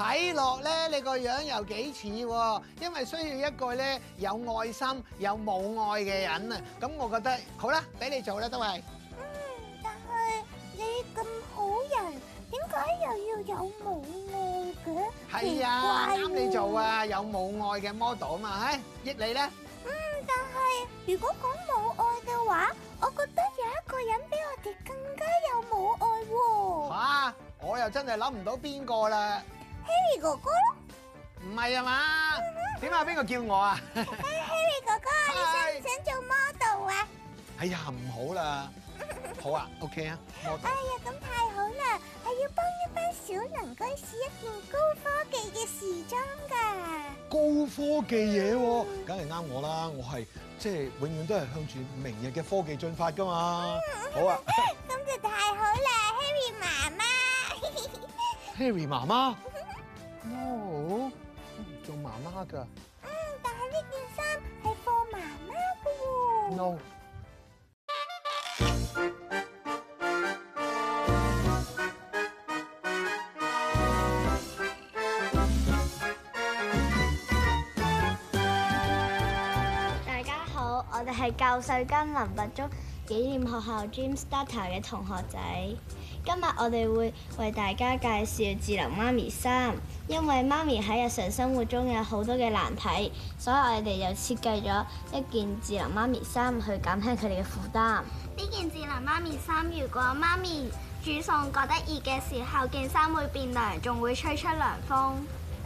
睇落咧，你個樣又幾似喎。因為需要一個咧有愛心、有母愛嘅人啊。咁我覺得好啦，俾你做啦都係。嗯，但係你咁好人，點解又要有母愛嘅？係啊，啱你做啊，有母愛嘅 model 嘛？唉，益你咧。嗯，但係如果講母愛嘅話，我覺得有一個人比我哋更加有母愛喎。嚇！我又真係諗唔到邊個啦～Harry 哥哥，唔係啊嘛？點啊？邊個叫我啊？Harry 哥哥，你想唔想做 model 啊？哎呀，唔好啦。好啊，OK 啊，model。哎呀，咁太好啦！係要幫一班小鄰居試一件高科技嘅時裝噶。高科技嘢，梗係啱我啦。我係即係永遠都係向住明日嘅科技進發噶嘛。好啊。咁就太好啦，Harry 媽媽。Harry 媽媽。no，唔做媽媽噶，啊。但係呢件衫係放媽媽噶。no。大家好，我哋係救世軍林拔中紀念學校 Jam Starter 嘅同學仔。今日我哋會為大家介紹智能媽咪衫。因為媽咪喺日常生活中有好多嘅難題，所以我哋就設計咗一件智能媽咪衫去減輕佢哋嘅負擔。呢件智能媽咪衫，如果媽咪煮餸覺得熱嘅時候，件衫會變涼，仲會吹出涼風。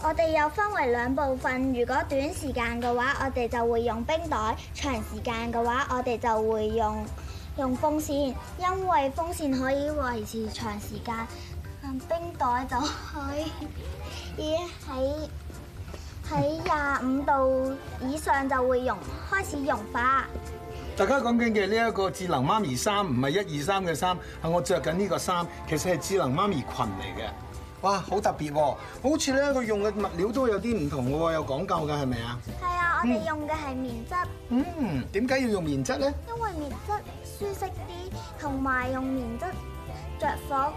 我哋又分為兩部分，如果短時間嘅話，我哋就會用冰袋；長時間嘅話，我哋就會用用風扇。因為風扇可以維持長時間，冰袋就可以。依喺喺廿五度以上就會溶，開始融化。大家講緊嘅呢一個智能媽咪衫唔係一二三嘅衫，係我着緊呢個衫，其實係智能媽咪裙嚟嘅。哇，好特別喎！好似咧，佢用嘅物料都有啲唔同嘅喎，有講究㗎係咪啊？係啊，我哋用嘅係棉質。嗯，點解要用棉質咧？因為棉質舒適啲，同埋用棉質着火。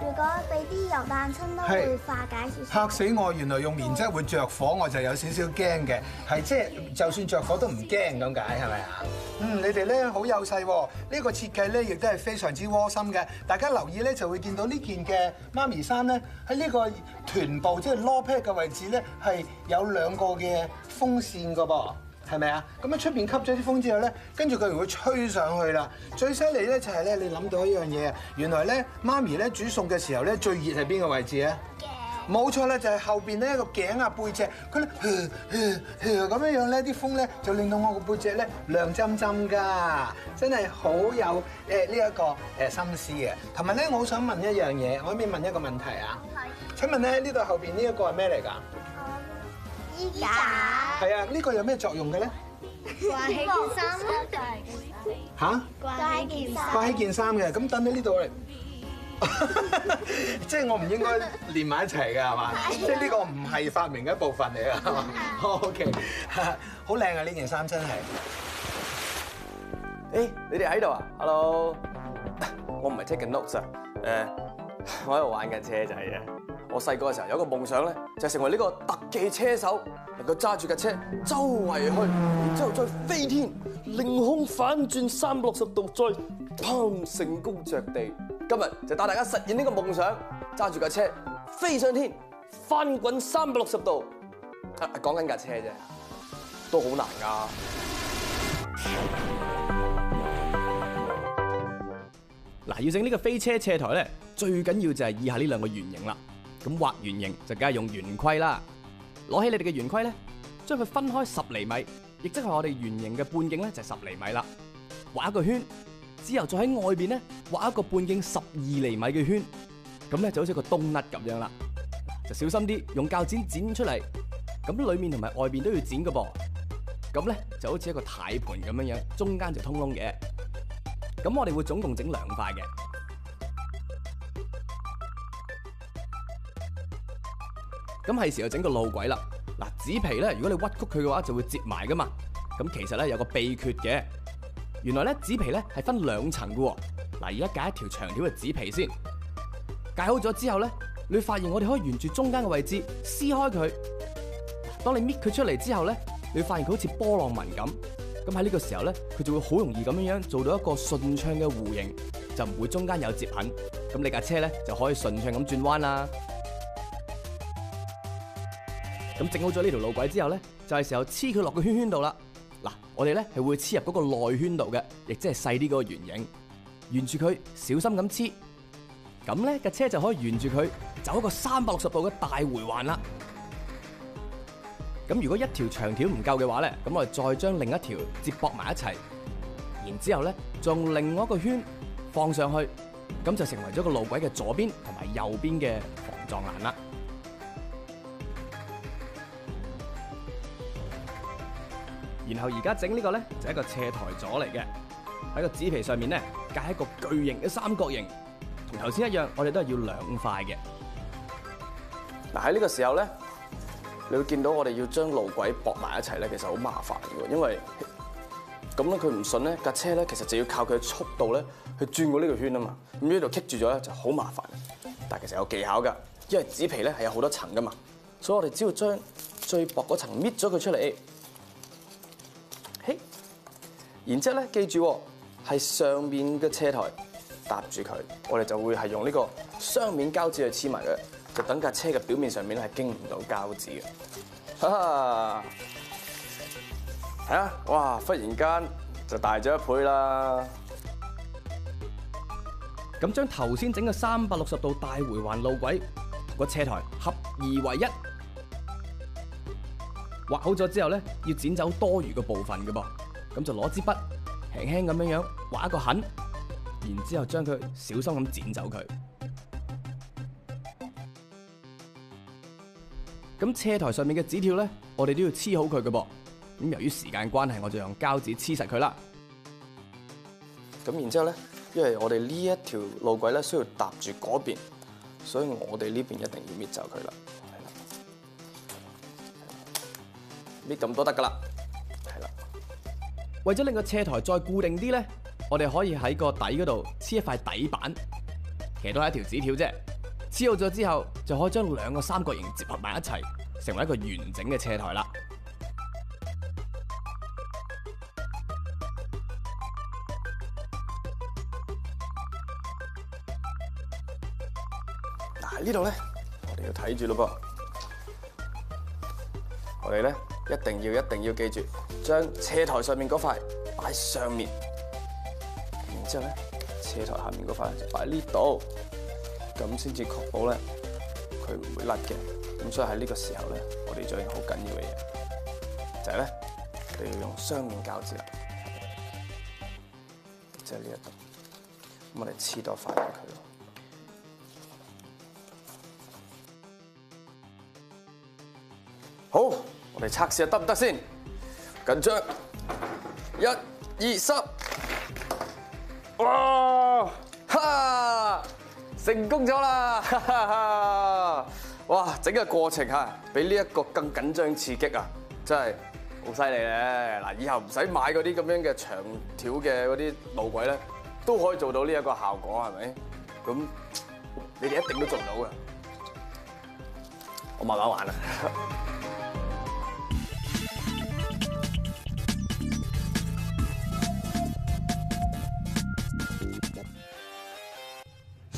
如果俾啲油彈親都會化解完。嚇死我！原來用棉質會着火，我就有少少驚嘅。係即係，就算着火都唔驚咁解，係咪啊？嗯，你哋咧好幼細，呢個設計咧亦都係非常之窩心嘅。大家留意咧，就會見到呢件嘅媽咪衫咧，喺呢個臀部的即係 lower part 嘅位置咧，係有兩個嘅風扇噶噃。係咪啊？咁咧出面吸咗啲風之後咧，跟住佢就會吹上去啦。最犀利咧就係咧，你諗到一樣嘢原來咧，媽咪咧煮餸嘅時候咧，最熱係邊個位置咧？冇是的 錯啦，就係後邊呢一個頸啊背脊，佢咧咁樣樣咧啲風咧就令到我個背脊咧涼浸浸㗎，真係好有誒呢一個誒心思嘅。同埋咧，我好想問一樣嘢，我可唔可以問一個問題啊？可以。請問咧呢度後面呢一個係咩嚟㗎？係啊，呢個有咩作用嘅咧？掛起件衫，吓？掛起件掛起件衫嘅，咁等你呢度嚟，即係我唔應該連埋一齊㗎係嘛？即係呢個唔係發明嘅一部分嚟啊？OK，好靚啊呢件衫真係。誒，你哋喺度啊？Hello，我唔係 take notes 啊，誒，我喺度玩緊車仔啊。我細個嘅時候有一個夢想咧，就係成為呢個特技車手，能夠揸住架車周圍去，然之後再飛天、凌空反轉三百六十度，再砰成功着地。今日就帶大家實現呢個夢想，揸住架車飛上天、翻滾三百六十度。講緊架車啫，都好難噶啊。嗱，要整呢個飛車斜台咧，最緊要就係以下呢兩個原型啦。咁畫圓形就梗係用圓規啦，攞起你哋嘅圓規咧，將佢分開十厘米，亦即係我哋圓形嘅半徑咧就十厘米啦。畫一個圈之後再喺外邊咧畫一個半徑十二厘米嘅圈，咁咧就好似一個冬甩咁樣啦。就小心啲，用鉸剪剪出嚟，咁裏面同埋外邊都要剪嘅噃。咁咧就好似一個軚盤咁樣樣，中間就通窿嘅。咁我哋會總共整兩塊嘅。咁係時候整個路軌啦。嗱，紙皮咧，如果你屈曲佢嘅話，就會折埋噶嘛。咁其實咧有個秘訣嘅，原來咧紙皮咧係分兩層喎。嗱，而家解一條長條嘅紙皮先，解好咗之後咧，你會發現我哋可以沿住中間嘅位置撕開佢。當你搣佢出嚟之後咧，你會發現佢好似波浪紋咁。咁喺呢個時候咧，佢就會好容易咁樣樣做到一個順暢嘅弧形，就唔會中間有折痕。咁你架車咧就可以順暢咁轉彎啦。咁整好咗呢條路軌之後咧，就係時候黐佢落個圈圈度啦。嗱，我哋咧係會黐入嗰個內圈度嘅，亦即係細啲嗰個圓形。沿住佢小心咁黐，咁咧架車就可以沿住佢走一個三百六十度嘅大回環啦。咁如果一條長條唔夠嘅話咧，咁我哋再將另一條接駁埋一齊，然之後咧，仲用另外一個圈放上去，咁就成為咗個路軌嘅左邊同埋右邊嘅防撞欄啦。然後而家整呢個咧就係一個斜台咗嚟嘅，喺個紙皮上面咧架一個巨型嘅三角形，同頭先一樣，我哋都係要兩塊嘅。嗱，喺呢個時候咧，你會見到我哋要將路軌駁埋一齊咧，其實好麻煩嘅，因為咁咧佢唔順咧架車咧，其實就要靠佢嘅速度咧去轉過呢個圈啊嘛。咁呢度棘住咗咧就好麻煩，但係其實有技巧噶，因為紙皮咧係有好多層噶嘛，所以我哋只要將最薄嗰層搣咗佢出嚟。然之後咧，記住係上面嘅車台搭住佢，我哋就會係用呢個雙面膠紙去黐埋佢，就等架車嘅表面上面咧係經唔到膠紙嘅。嚇哈哈！哇！忽然間就大咗一倍啦！咁將頭先整個三百六十度大回環路軌同個車台合二為一，畫好咗之後咧，要剪走多餘嘅部分嘅噃。咁就攞支筆，輕輕咁樣樣畫一個痕，然之後將佢小心咁剪走佢。咁斜台上面嘅紙條咧，我哋都要黐好佢嘅噃。咁由於時間關係，我就用膠紙黐實佢啦。咁然之後咧，因為我哋呢一條路軌咧，需要搭住嗰邊，所以我哋呢邊一定要搣走佢啦。搣咁都得噶啦。為咗令個斜台再固定啲咧，我哋可以喺個底嗰度黐一塊底板，其實都係一條紙條啫。黐好咗之後，就可以將兩個三角形結合埋一齊，成為一個完整嘅斜台啦。嗱，呢度咧，我哋要睇住咯噃，我哋咧。一定要一定要記住，將斜台上面嗰塊擺上面，然之後呢，斜台下面嗰塊就擺呢度，咁先至確保咧佢唔會甩嘅。咁所以喺呢個時候咧，我哋做緊好緊要嘅嘢，就係咧，你要用雙面膠紙啦，即係呢一度，我哋黐多塊俾佢。我哋測試下得唔得先？緊張，一、二、三，哇！哈！成功咗啦！哇！整個過程嚇，比呢一個更緊張刺激啊！真係好犀利咧！嗱，以後唔使買嗰啲咁樣嘅長條嘅嗰啲路軌咧，都可以做到呢一個效果，係咪？咁你哋一定都做到噶，我慢慢玩啦！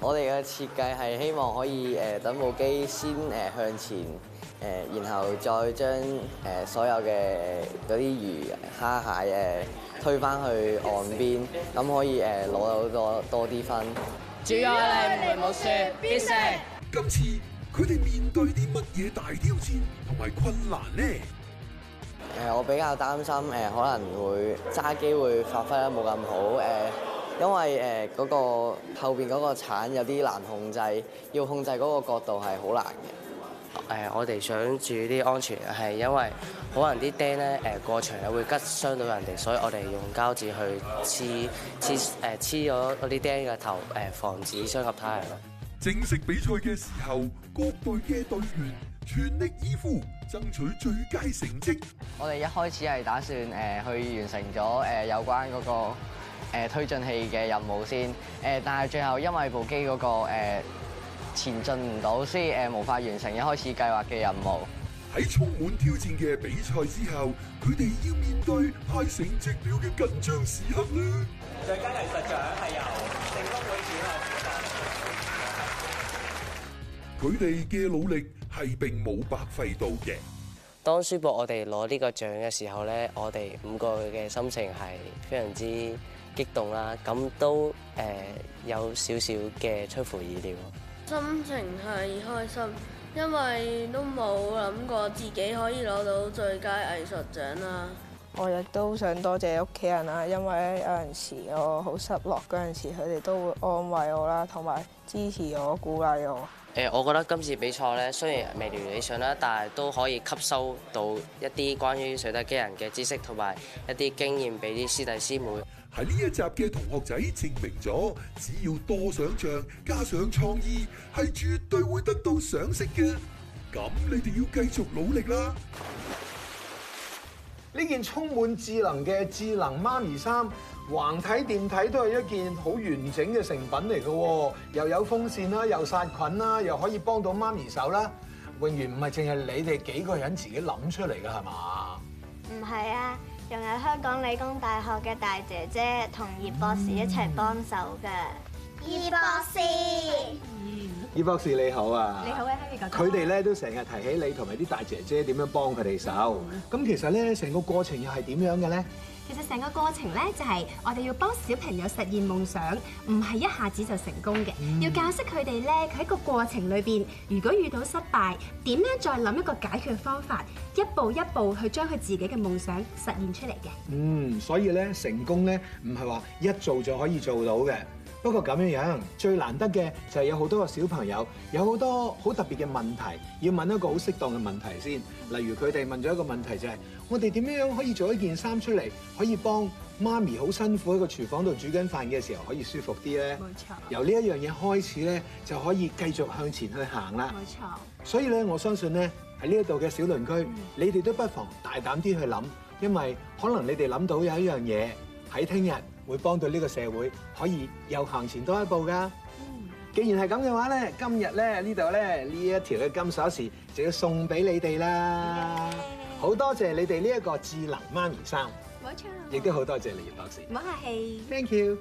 我哋嘅設計係希望可以誒，等部機先誒向前誒，然後再將誒所有嘅嗰啲魚、蝦蟹、蟹誒推返去岸邊，咁可以誒攞到多多啲分。主愛你唔好輸，必勝！今次佢哋面對啲乜嘢大挑戰同埋困難咧？誒，我比較擔心誒，可能會揸機會發揮得冇咁好誒。因為誒嗰、呃那個後邊嗰個鏟有啲難控制，要控制嗰個角度係好難嘅。誒、呃，我哋想注意啲安全係因為可能啲釘咧誒過長又會拮傷到人哋，所以我哋用膠紙去黐黐誒黐咗啲釘嘅頭誒、呃，防止傷及他人咯。正式比賽嘅時候，各隊嘅隊員全力以赴，爭取最佳成績。我哋一開始係打算誒、呃、去完成咗誒、呃、有關嗰、那個。誒推進器嘅任務先，誒但係最後因為部機嗰、那個前進唔到，所以誒無法完成一開始計劃嘅任務。喺充滿挑戰嘅比賽之後，佢哋要面對派成績表嘅緊張時刻咧。最佳藝術獎係由成功會展啊！佢哋嘅努力係並冇白費到嘅。當書博我哋攞呢個獎嘅時候咧，我哋五個嘅心情係非常之～激動啦！咁都誒有少少嘅出乎意料，心情係開心，因為都冇諗過自己可以攞到最佳藝術獎啦。我亦都想多謝屋企人啦，因為有陣時我好失落嗰陣時，佢哋都會安慰我啦，同埋支持我、鼓勵我。誒，我覺得今次比賽咧，雖然未如理想啦，但係都可以吸收到一啲關於水底機人嘅知識同埋一啲經驗，俾啲師弟師妹。喺呢一集嘅同學仔證明咗，只要多想象加上創意，係絕對會得到賞識嘅。咁你哋要繼續努力啦！呢件充滿智能嘅智能媽咪衫，橫睇掂睇都係一件好完整嘅成品嚟嘅，又有風扇啦，又殺菌啦，又可以幫到媽咪手啦。永遠唔係淨係你哋幾個人自己諗出嚟嘅係嘛？唔係啊！仲有香港理工大學嘅大姐姐同葉博士一齊幫手嘅。葉博士，葉博士你好啊！你好啊，希佢哋咧都成日提起你同埋啲大姐姐點樣幫佢哋手。咁其實咧，成個過程又係點樣嘅咧？其實成個過程咧，就係我哋要幫小朋友實現夢想，唔係一下子就成功嘅。要教識佢哋咧，佢喺個過程裏邊，如果遇到失敗，點樣再諗一個解決方法，一步一步去將佢自己嘅夢想實現出嚟嘅。嗯，所以咧，成功咧，唔係話一做就可以做到嘅。不過咁樣樣，最難得嘅就係有好多個小朋友，有好多好特別嘅問題，要問一個好適當嘅問題先。例如佢哋問咗一個問題就係：我哋點樣樣可以做一件衫出嚟，可以幫媽咪好辛苦喺個廚房度煮緊飯嘅時候可以舒服啲咧？冇錯。由呢一樣嘢開始咧，就可以繼續向前去行啦。冇錯。所以咧，我相信咧喺呢一度嘅小鄰居，你哋都不妨大膽啲去諗，因為可能你哋諗到有一樣嘢喺聽日。會幫到呢個社會，可以又行前多一步噶。既然係咁嘅話咧，今日咧呢度咧呢一條嘅金鎖匙就要送俾你哋啦。好多謝你哋呢一個智能媽咪衫，冇錯，亦都好多謝你哋多謝。唔好客氣，Thank you。